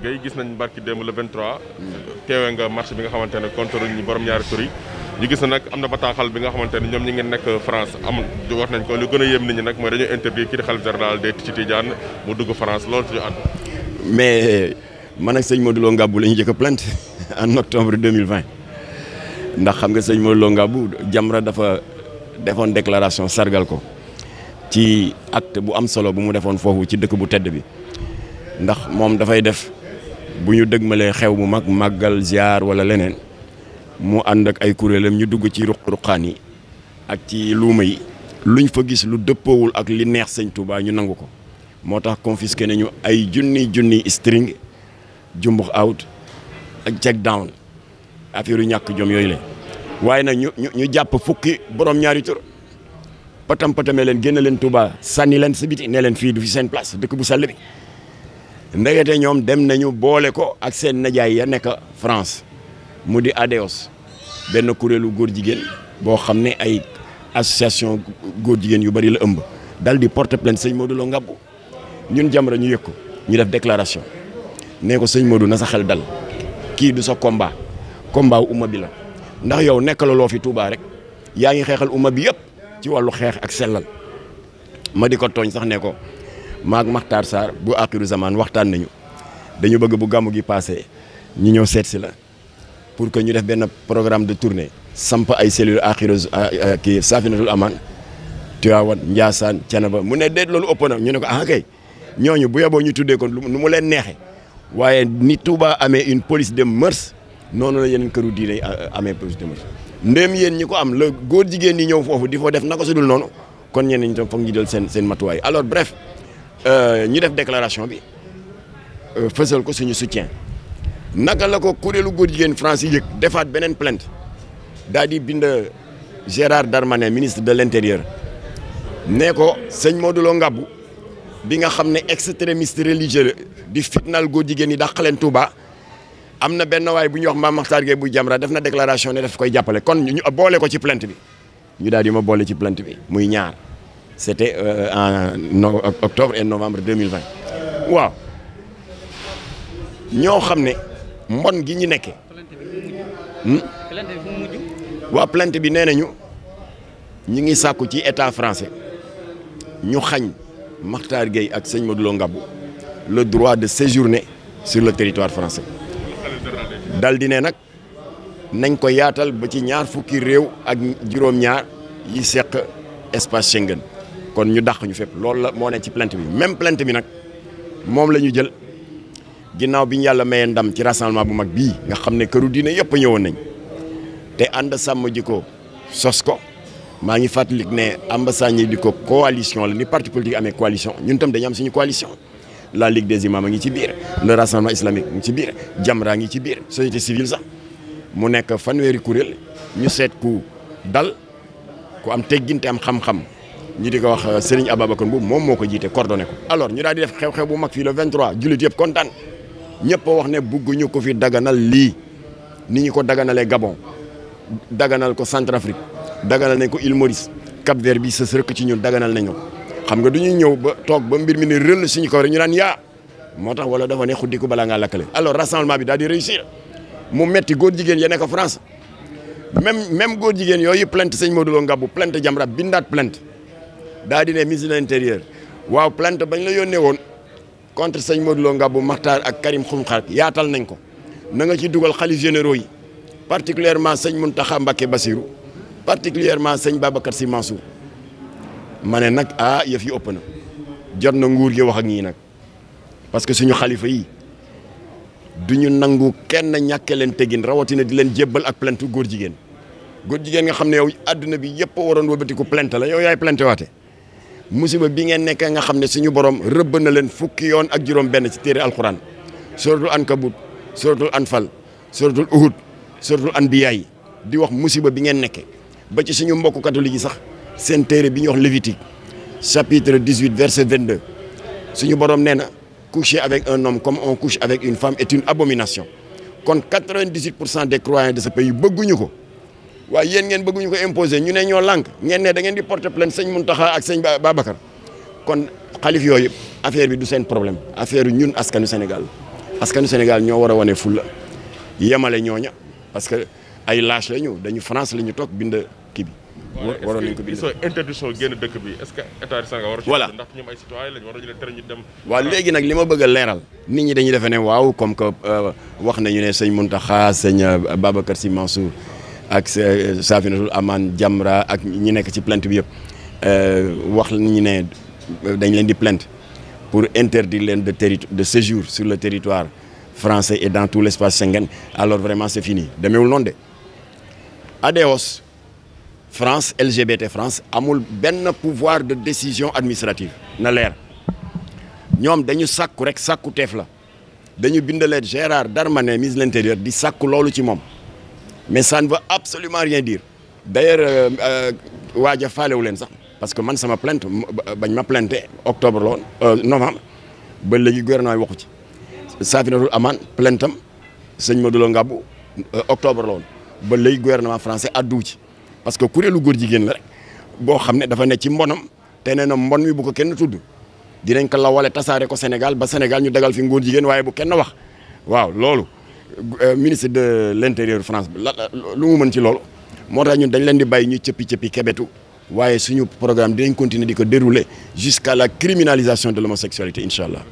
Gueye gis nañ barki démb le 23. nga marché bi nga xamante ne contre ñu borom ñaari tur ñu gis na nag am na bataaxal bi nga xamante ne ñoom ñi ngi nekk France am wax nañ ko lu gën a yéem nit ñi nag mooy dañu interdire kii di xalif général des Tidianes mu dugg France loolu ci ñu mais man ak sëñ Modou Lo Ngabou la ñu jëkk a plainte en octobre 2020 ndax xam nga sëñ Modou Lo Ngabou Jamra dafa defoon déclaration sargal ko ci acte bu am solo bu mu defoon foofu ci dëkk bu tedd bi ndax moom dafay def. bu ñu dëgmalee xew mu mag màggal ziar wala leneen mu ànd ak ay kuréelam ñu dugg ci ruq-ruqaan yi ak ci luuma yi luñ fa gis lu dëppoowul ak li neex sëñ Touba ñu nangu ko moo tax confisqué nañu ay junniy junniy string jumbux out ak check down affaire ñàkk jom yooyu la waaye nag ñu ñu jàpp fukki borom ñaari tur patam patamee leen génn leen Touba sànni leen sa biti ne leen fii du fi seen place dëkk bu sàll bi ndegete ñoom dem nañu boole ko ak seen najaay ya nekk France mu di ADEOS benn kuréelu góor jigéen boo xam ne ay association góor jigéen yu bari la ëmb dal di porte plainte sëñ Modou nga ngabbu ñun Jamra ñu yëg ko ñu def déclaration nee ko sëñ Modou na sa xel dal kii du sa combat combat wu bi la ndax yow nekk la fi Touba rek yaa ngi xeexal uma bi yëpp ci wàllu xeex ak sellal ma di ko tooñ sax ne ko maak Makhtar Sarr bu Axiru Zaman waxtaan nañu dañu bëgg bu gàmmu gi passé ñu ñëw seet si la pour que ñu def benn programme de tournée samp ay cellules Axiru euh, euh, kii Safinatul Aman Tiwaawan Njaasaan Canaba mu ne déet loolu ëpp na ñu ne ko ah kay ñooñu bu yeboo ñu tuddee ko nu mu leen neexee ni Touba amee une police de mœurs noonu la yeneen këru diine euh, amee police de mœurs ndéem yéen ñi ko am la góor jigéen ñi ñëw foofu di fa def naka su dul noonu kon ñenn ñi tam foog ñu jël seen seen matuwaay alors bref Euh, ñu def déclaration bi euh, fësal ko suñu soutien naka la ko kuréelu góor jigéen France yi defaat beneen plainte daal di bind Gérard Darmanin ministre de l'intérieur nee ko sëñ Modou Lo Ngabou bi nga xam ne extrémiste religieux di fitnaal góor jigéen yi dàq leen Touba am na benn waay bu ñu wax Mame Makhtar bu buy Jamra def na déclaration ne def koy jàppale kon ñu boole ko ci plainte bi ñu daal di ma boole ci plainte bi muy ñaar. c'était euh, en octobre et novembre 2020 waaw ñoo xam ne mbon gi ñu nekkee hmm? waa plainte bi nee nañu ñi ngi sàkku ci état français ñu xañ Makhtar Gueye ak sëñ Modou Lo le droit de séjourner sur le territoire français dal di ne nag nañ ko yaatal ba ci ñaar fukki réew ak juróom-ñaar yi seq espace Schengen kon ñu dàq ñu fépp loolu la moo ne ci plainte bi même plante bi nag moom la ñu jël ginnaaw bi ñu yàlla mayee ndam ci rassemblement bu mag bii nga xam ne këru diine yëpp ñëwoon nañ te ànd sàmm jikko sos ko maa ngi fàttalik ne ambassade ñi di ko coalition la ni parti politique amee coalition ñun tam dañu am suñu coalition la ligue des imams a ngi ci biir le rassemblement islamique ngi ci biir jamra ngi ci biir société civile sax mu nekk fanweeri kuréel ñu seet ku dal ku am tegginte am xam ñu di ko wax euh, Serigne Ababacar Mbow moom moo ko jiite coordonné ko alors ñu daal di def xew-xew bu mag fii le 23 jullit yëpp kontaan ñëpp wax ne bugguñu ko fi daganal lii ni ñu ko daganalee Gabon daganal ko Centrafrique daganal nañ ko Île Maurice Cap Vert bi sës rëkk ci ñun daganal nañ ko xam nga du ñuy ñëw ba toog ba mbir mi ne rëll suñu kaw rek ñu daan yaa moo tax wala dafa ne xuddiku bala ngaa lakkale. alors rassemblement bi daal di réussir mu metti góor jigéen ya nekk France même même góor jigéen yooyu plainte sëñ Modou Lo Ngabou plainte Jamra bindaat plainte. daa di ne ministre de l'intérieur waaw plainte bañ la yónnee woon contre sëñ Modou Lo bu Makhtar ak Karim Xrum Xax yaatal nañ ko na nga ci dugal xalif généraux yi particulièrement sëñ Mountakha Mbacké Bassirou particulièrement sëñ Babacar Sy Mansour ma ne nag ah yëf yi ëpp na jot na nguur gi wax ak nag parce que suñu xalifa yi du ñu nangu kenn ñàkke leen tegin rawatina di leen jébbal ak plainte góor jigéen góor jigéen nga xam ne yow àdduna bi yëpp waroon wëbatiku plainte la yow yaay plainte musiba bi ngeen nekkee nga xam ne suñu borom rëbb na leen fukki yoon ak juróom benn ci téere alxuraan suratul ankabut suratul anfal suratul uhud suratul anbiyaay di wax musiba bi ngeen nekkee ba ci suñu mbokk catholique yi sax seen téere bi ñuy wax lévitique chapitre 18 verset 22 suñu borom nee na coucher avec un homme comme on couche avec une femme est une abomination kon 98 pour cent des croyants de sa pays bëgguñu ko waa yéen ngeen bëgguñu ko imposé ñu ne ñoo lànk ngeen ne da ngeen di porter plainte sëñ Mountakha ak sëñ Babacar kon xalif yooyu affaire bi du seen problème affaire ñun askanu Sénégal askanu Sénégal ñoo war a wane fulla yemale ñooña parce que ay lâche la ñu dañu France la ñu toog bind kii bi. waroon nañ ko bind interdiction génn dëkk bi est-ce que état sa nga war voilà ndax ñu dem. waaw léegi nag li ma bëgg a leeral. nit ñi dañuy defe ne waaw comme que euh, wax nañu ne sëñ Mountakha sëñ euh, Babacar Sy Mansour ak euh, saafinatul amaan jamra ak ñi nekk ci plainte bi yëpp euh, wax nañu ne euh, dañ leen di plainte pour interdire leen de terri de séjour sur le territoire français et dans tout l'espace Schengen alors vraiment c'est fini demeewul noonu de ADEOS France LGBT France amul benn pouvoir de décision administrative na leer ñoom dañu sàkku rek sàkku teef la dañu bindalee Gérard Darmanin ministre de l'Intérieur di sàkku loolu ci moom mais ça ne veut absolument rien dire d'ailleurs euh, euh, waaj a leen sax parce que man sama plainte bañ ma plainte octobre la woon euh, novembre ba léegi gouvernement yi waxu ci Safinatul Aman plainte am sëñ Modou Lo octobre loon woon ba léegi gouvernement français addu ci parce que kuréelu góor jigéen la rek boo xam ne dafa ne ci mbonam te nee na mbon mi bu ko kenn tudd dinañ ko lawale tasaare ko Sénégal ba Sénégal ñu dagal fi ngóor jigéen waaye bu kenn wax waaw loolu Euh, ministre de l'intérieur France bi la lu mu mën ci loolu moo tax ñun dañ leen di bàyyi ñu cëppi cëppi kebetu waaye suñu programme dinañ continuer di ko dérouler jusqu'à la criminalisation de l'homosexualité incha allah